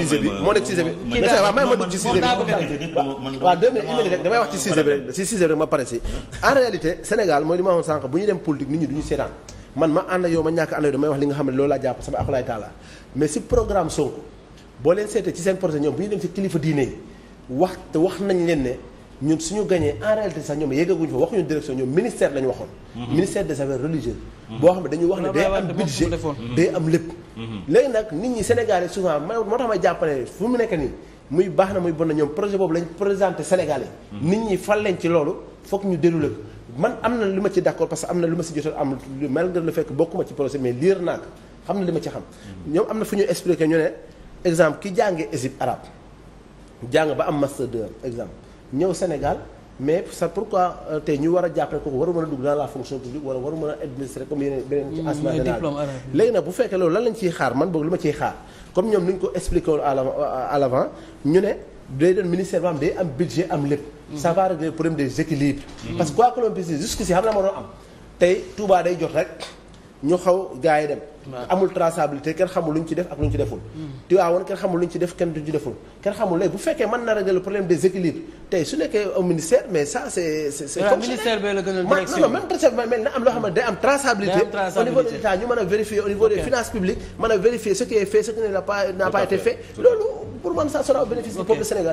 sixième bi moo nekk sixième bi. kii daal waaw man ci bi waaw damay wax ci sixième bi rek ma pare si. en réalité Sénégal mooy li ma waxoon sànq bu ñu dem politique nit ñi du ñu seetaan man ma ànd ak ma ñàkk ànd ak damay wax li nga xam ne loolu laa jàpp sama akulaay taala mais si programme Sonko boo leen seetee ci seen projet ñoom bu ñu dem si kilifa diine yi wax wax nañ leen ne ñun suñu gañee en réalité sax ñoom yeggaguñu fa waxuñu direction ñoom ministère la ñu waxoon. Mhm. ministère des affaires religieuses. Mhm. boo xam ne dañuy wax ne day am budget day am lépp. Mhm. léegi nag nit ñi Sénégal yi souvent moo tax may jàpp ne fu mu nekk nii muy baax na muy bon na ñoom projet boobu lañ présenté Sénégal yi. nit ñi fal leen ci loolu foog ñu déroulé ko man am na lu ma ci d'accord parce que am na lu ma si jotoon am malgré le fait que bokkuma ci projet mais xam na li ma ci xam. ñoom am na fu ñu expliqué ñu ne exemple ki jàngee Égypte arabe jàng ba am master 2 exemple ñëw Sénégal mais ça pourquoi euh, tey ñu war a jàppee kooku waru mën a dugg dans la fonction publique wala waru mën a administrer comme yeneen beneen ci mm, asma léegi nag bu fekkee loolu lan lañ ciy xaar man boog lu ma ciy xaar comme ñoom ni ñu ko expliqué woon à l'avant ñu ne day doon ministère ba am day am budget am lépp mm. ça va régler des équilibres mm. parce que quoi que l'on ma doon am tey Touba day jot rek ñu xaw gars yi dem. amul traçabilité kenn xamul lu ñu ci def ak lu ñu ci deful. Tivaouane kenn xamul lu ñu ci def kenn duñ ci deful kenn xamul léegi bu fekkee mën na régler le problème des équilibres tey su nekkee un ministère mais ça c' est comme ministère bee de l' a vérifier au niveau des finances publiques mën a vérifier ce qui est fait ce qui n' a pas n' a pas loolu pour man ça sera bénéfice du peuple sénégalais.